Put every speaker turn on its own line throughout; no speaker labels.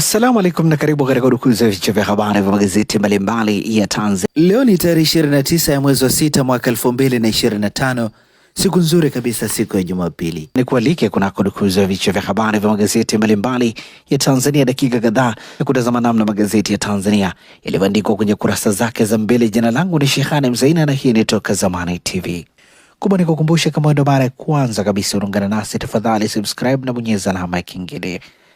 Assalamu alaikum na karibu katika udukuzi ya vichwa vya habari vya magazeti mbalimbali ya Tanzania. Leo ni tarehe 29 ya mwezi wa sita mwaka 2025, siku nzuri kabisa, siku ya Jumapili. Ni kualike kunako dukuzi ya vichwa vya habari vya magazeti mbalimbali ya Tanzania, dakika kadhaa ya kutazama namna magazeti ya Tanzania yalivyoandikwa kwenye kurasa zake za mbele. Jina langu ni Shehani Mzaina na hii ni Toka Zamani TV. Kubwa ni kukumbusha, kama ndo mara ya kwanza kabisa unaungana nasi, tafadhali subscribe na bonyeza alama ya kengele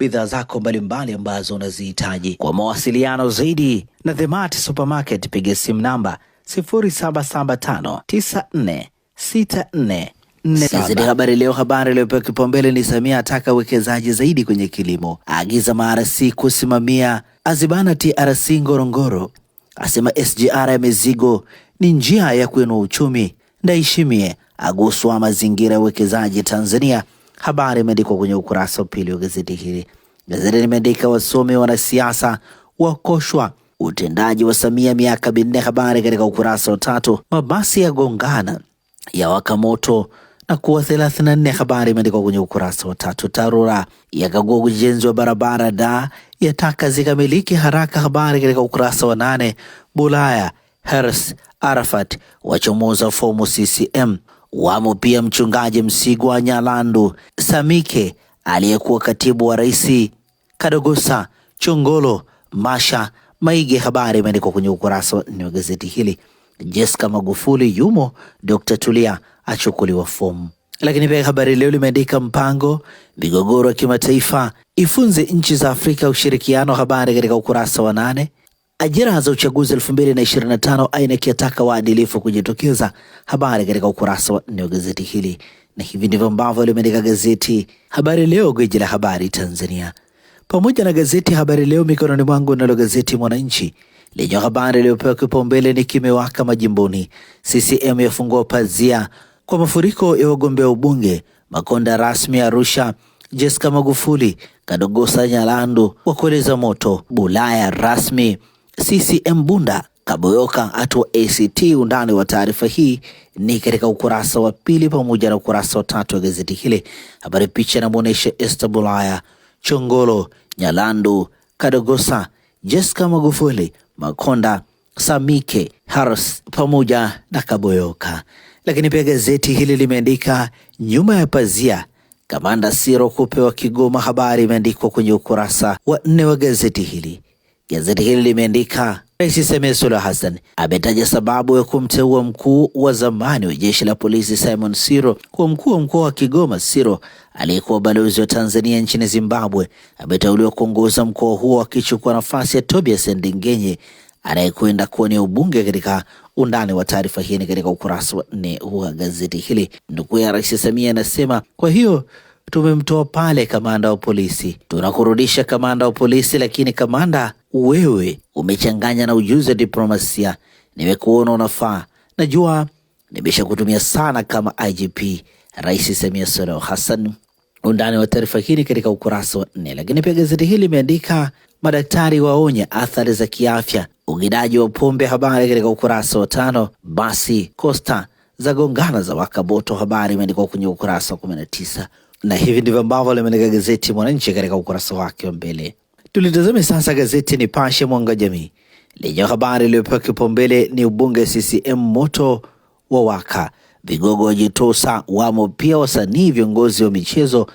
bidhaa zako mbalimbali ambazo unazihitaji. Kwa mawasiliano zaidi na Themart Supermarket, piga simu namba 0775946447. Gazeti Habari Leo, habari iliyopewa kipaumbele ni Samia ataka uwekezaji zaidi kwenye kilimo, aagiza marc kusimamia, azibana TRC Ngorongoro, asema SGR ya mizigo ni njia ya kuinua uchumi. ndaishimie aguswa mazingira ya uwekezaji Tanzania Habari imeandikwa kwenye ukurasa wa pili wa gazeti hili. Gazeti limeandika wasomi wanasiasa wakoshwa utendaji wa Samia miaka minne. Habari katika ukurasa wa tatu. Mabasi ya gongana ya waka moto na kuwa 34. Habari imeandikwa kwenye ukurasa wa tatu. TARURA yakagua ujenzi wa barabara da yataka zikamiliki haraka. Habari katika ukurasa wa nane. Bulaya Hers Arafat wachomoza fomu CCM Wamo pia mchungaji Msigwa Nyalandu, Samike aliyekuwa katibu wa rais, Kadogosa, Chongolo, Masha Maige. Habari imeandikwa kwenye ukurasa wa nne wa gazeti hili. Jessica Magufuli yumo, Dr. Tulia achukuliwa fomu. Lakini pia Habari Leo limeandika mpango migogoro ya kimataifa ifunze nchi za Afrika ushirikiano, habari katika ukurasa wa nane. Ajira za uchaguzi 2025 aina kiataka waadilifu kujitokeza. Habari katika ukurasa wa nne wa gazeti hili, na hivi ndivyo ambavyo limeandika gazeti Habari Leo, gwiji la habari Tanzania, pamoja na gazeti Habari Leo mikononi mwangu. Nalo gazeti Mwananchi lenye habari iliyopewa kipaumbele ni kimewaka majimboni, CCM yafungua pazia kwa mafuriko ya wagombea ubunge, Makonda rasmi Arusha, Jessica Magufuli kadogosa Nyalandu wakoleza moto, Bulaya rasmi CCM Bunda Kaboyoka hatua ACT. Undani wa taarifa hii ni katika ukurasa wa pili pamoja na ukurasa wa tatu wa gazeti hili. Habari picha inamwonyesha Esther Bulaya, Chongolo, Nyalandu, Kadogosa, Jessica Magufuli, Makonda, Samike, Harris pamoja na Kaboyoka. Lakini pia gazeti hili limeandika nyuma ya pazia Kamanda Siro kupewa Kigoma. Habari imeandikwa kwenye ukurasa wa nne wa gazeti hili. Gazeti hili limeandika Rais Samia Suluhu Hassan ametaja sababu ya kumteua mkuu wa zamani wa jeshi la polisi Simon Siro kuwa mkuu wa mkoa wa Kigoma. Siro aliyekuwa balozi wa Tanzania nchini Zimbabwe ameteuliwa kuongoza mkoa huo akichukua nafasi ya Tobias Ndengenye anayekwenda kuwania ubunge. Katika undani wa taarifa hii ni katika ukurasa wa nne wa gazeti hili. Ndugu ya Rais Samia anasema kwa hiyo tumemtoa pale kamanda wa polisi, tunakurudisha kamanda wa polisi, lakini kamanda wewe umechanganya na ujuzi wa diplomasia. Nimekuona unafaa, najua nimeshakutumia sana kama IGP Rais Samia Suluhu Hassan. Undani wa taarifa hili katika ukurasa wa nne. Lakini pia gazeti hili limeandika madaktari waonya athari za kiafya ugidaji wa pombe, habari katika ukurasa wa tano. Basi Costa za gongana za Wakaboto, habari imeandikwa kwenye ukurasa wa kumi na tisa na hivi ndivyo ambavyo limeandika gazeti Mwananchi katika ukurasa wake wa mbele. Tulitazame sasa gazeti Nipashe Mwanga Jamii lenye habari iliyopewa kipaumbele ni ubunge CCM moto wa waka, vigogo wajitosa wamo, pia wasanii, viongozi wa michezo,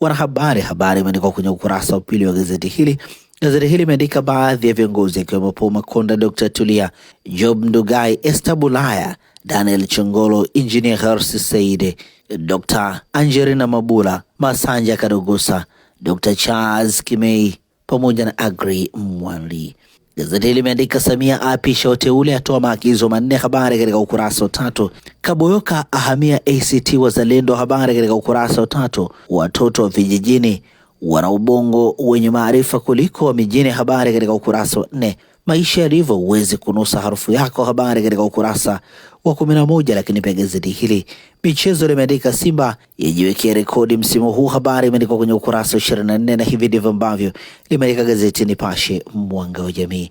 wanahabari. Habari imeandikwa kwenye ukurasa wa pili wa gazeti hili. Gazeti hili limeandika baadhi ya viongozi akiwemo Paul Makonda, Dr. Tulia, Job Ndugai, Esther Bulaya, Daniel Chongolo, Injinia Hersi Said, Dr. Angelina Mabula, Masanja Kadogosa, Dr. Charles Kimei pamoja na Agri Mwanli. Gazeti limeandika Samia aapisha wateule atoa maagizo manne. Habari katika ukurasa wa tatu. Kaboyoka ahamia ACT Wazalendo, habari katika ukurasa wa tatu. Watoto wa vijijini wana ubongo wenye maarifa kuliko wa mijini, habari katika ukurasa wa nne. Maisha yalivyo, huwezi kunusa harufu yako, habari katika ukurasa wa 11. Lakini pia gazeti hili michezo limeandika Simba yajiwekea rekodi msimu huu, habari imeandikwa kwenye ukurasa wa 24, na hivi ndivyo ambavyo limeandika gazeti Nipashe, mwanga wa jamii.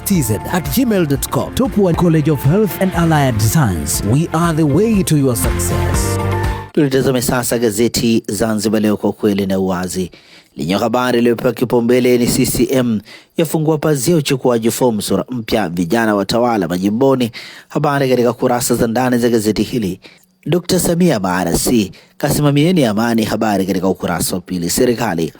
stz at gmail.com. Topwan College of Health and Allied Science, we are the way to your success.
Tulitazame sasa gazeti Zanzibar Leo kwa kweli na uwazi lenye habari iliyopewa kipaumbele ni CCM yafungua pazia uchukuaji fomu sura mpya vijana watawala majimboni. Habari katika kurasa za ndani za gazeti hili. Dr. Samia barasi kasimamieni amani, habari katika ukurasa wa pili. Serikali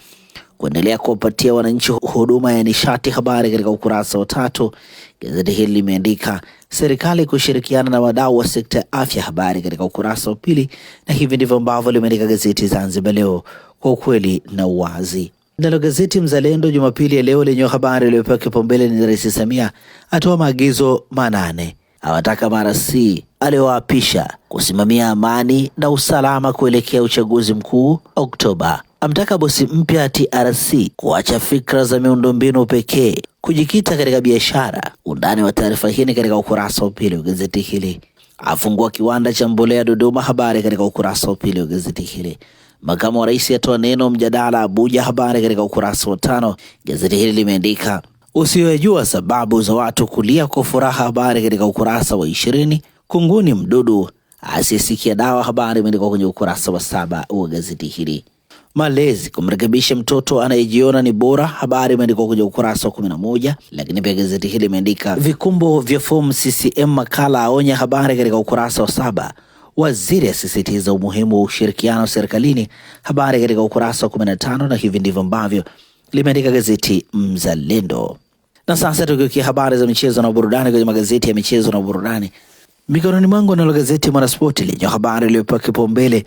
kuendelea kuwapatia wananchi huduma ya nishati. Habari katika ukurasa wa tatu, gazeti hili limeandika serikali kushirikiana na wadau wa sekta ya afya, habari katika ukurasa wa pili, na hivi ndivyo ambavyo limeandika gazeti Zanzibar Leo kwa ukweli na uwazi. Nalo gazeti Mzalendo Jumapili ya leo lenye habari iliyopewa kipaumbele ni Rais Samia atoa maagizo manane, awataka marasi aliyowaapisha kusimamia amani na usalama kuelekea uchaguzi mkuu Oktoba amtaka bosi mpya TRC kuacha fikra za miundombinu pekee kujikita katika biashara. Undani wa taarifa hii ni katika ukurasa wa pili wa gazeti hili. Afungua kiwanda cha mbolea Dodoma, habari katika ukurasa wa pili wa gazeti hili. Makamu wa rais atoa neno mjadala Abuja, habari katika ukurasa wa tano. Gazeti hili limeandika usiyojua sababu za watu kulia kwa furaha, habari katika ukurasa wa ishirini. Kunguni mdudu asisikia dawa, habari imeandikwa kwenye ukurasa wa saba wa gazeti hili. Malezi kumrekebisha mtoto anayejiona ni bora. Habari imeandikwa kwenye ukurasa wa kumi na moja, lakini pia gazeti hili limeandika vikumbo vya fomu CCM makala aonya, habari katika ukurasa wa saba. Waziri asisitiza umuhimu wa ushirikiano serikalini, habari katika ukurasa wa kumi na tano, na hivi ndivyo ambavyo limeandika gazeti Mzalendo. Na sasa tukiukia habari za michezo na burudani kwenye magazeti ya michezo na burudani mikononi mwangu, nalo gazeti Mwanaspoti lenye habari iliyopewa kipaumbele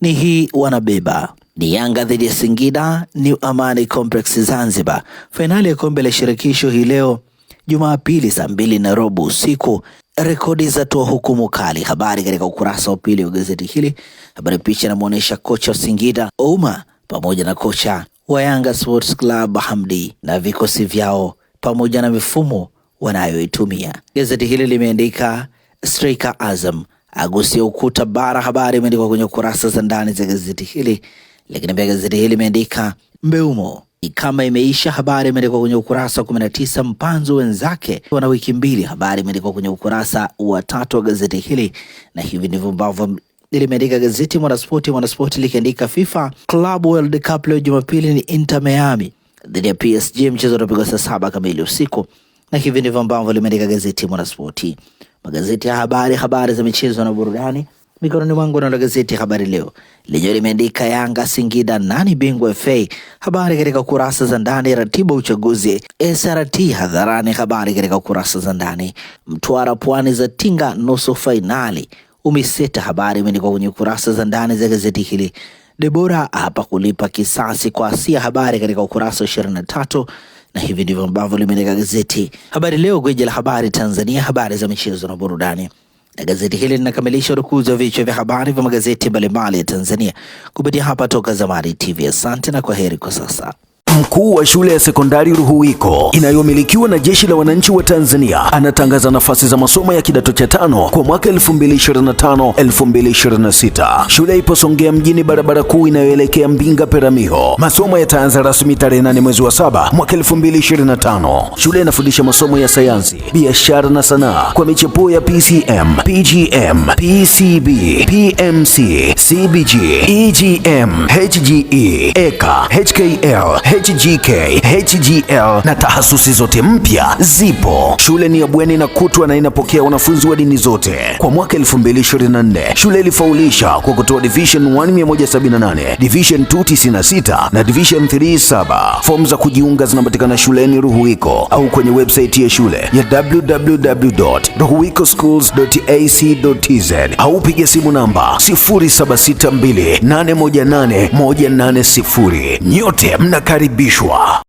ni hii wanabeba ni Yanga dhidi ya Singida ni Amani Complex Zanzibar. Fainali ya kombe la shirikisho hii leo Jumapili saa mbili na robo usiku. Rekodi za toa hukumu kali, habari katika ukurasa wa pili wa gazeti hili. Habari picha inamwonyesha kocha wa Singida Ouma pamoja na kocha wa Yanga Sports Club Hamdi na vikosi vyao pamoja na mifumo wanayoitumia. Gazeti hili limeandika striker Azam agusia ukuta bara, habari imeandikwa kwenye kurasa za ndani za gazeti hili. Lakini pia gazeti hili limeandika Mbeumo kama imeisha. Habari imeandikwa kwenye ukurasa wa 19. Mpanzo wenzake wana wiki mbili. Habari imeandikwa kwenye ukurasa wa tatu wa gazeti hili, na hivi ndivyo ambavyo limeandika gazeti Mwanaspoti. Mwanaspoti likiandika FIFA Club World Cup leo Jumapili ni Inter Miami dhidi ya PSG, mchezo utapigwa saa saba kamili usiku, na hivi ndivyo ambavyo limeandika gazeti Mwanaspoti. Magazeti ya habari, habari za michezo na burudani Mikononi mwangu nalo gazeti Habari Leo lenyewe limeandika Yanga Singida nani bingwa FA? Habari katika kurasa za ndani. Ratiba uchaguzi SRT hadharani, habari katika kurasa za ndani. Mtwara Pwani za tinga nusu fainali UMISETA, habari imeandikwa kwenye kurasa za ndani za gazeti hili. Debora hapa kulipa kisasi kwa Asia, habari katika ukurasa wa ishirini na tatu na hivi ndivyo ambavyo limeandika gazeti Habari Leo, gwiji la habari Tanzania, habari za michezo na burudani. Na gazeti hili linakamilisha urukuzi wa vichwa vya habari vya magazeti mbalimbali ya Tanzania kupitia hapa Toka Zamani TV. Asante na kwa heri kwa sasa.
Mkuu wa shule ya sekondari Ruhuwiko inayomilikiwa na Jeshi la Wananchi wa Tanzania anatangaza nafasi za masomo ya kidato cha tano kwa mwaka 2025 2026. Shule ipo Songea mjini, barabara kuu inayoelekea Mbinga Peramiho. Masomo yataanza rasmi tarehe 8 mwezi wa 7 mwaka 2025. Shule inafundisha masomo ya sayansi, biashara na sanaa kwa michepuo ya PCM, PGM, PCB, PMC, CBG, EGM, HGE, EKA, HKL, HGK, HGL na tahasusi zote mpya zipo. Shule ni ya bweni na kutwa na inapokea wanafunzi wa dini zote. Kwa mwaka 2024 shule ilifaulisha kwa kutoa division 1 178, division 2 96 na division 3 7. Fomu za kujiunga zinapatikana shuleni Ruhuwiko au kwenye website ya shule ya www.ruhuwikoschools.ac.tz au piga simu namba 0762818180. Nyote mnakaribishwa. 必说。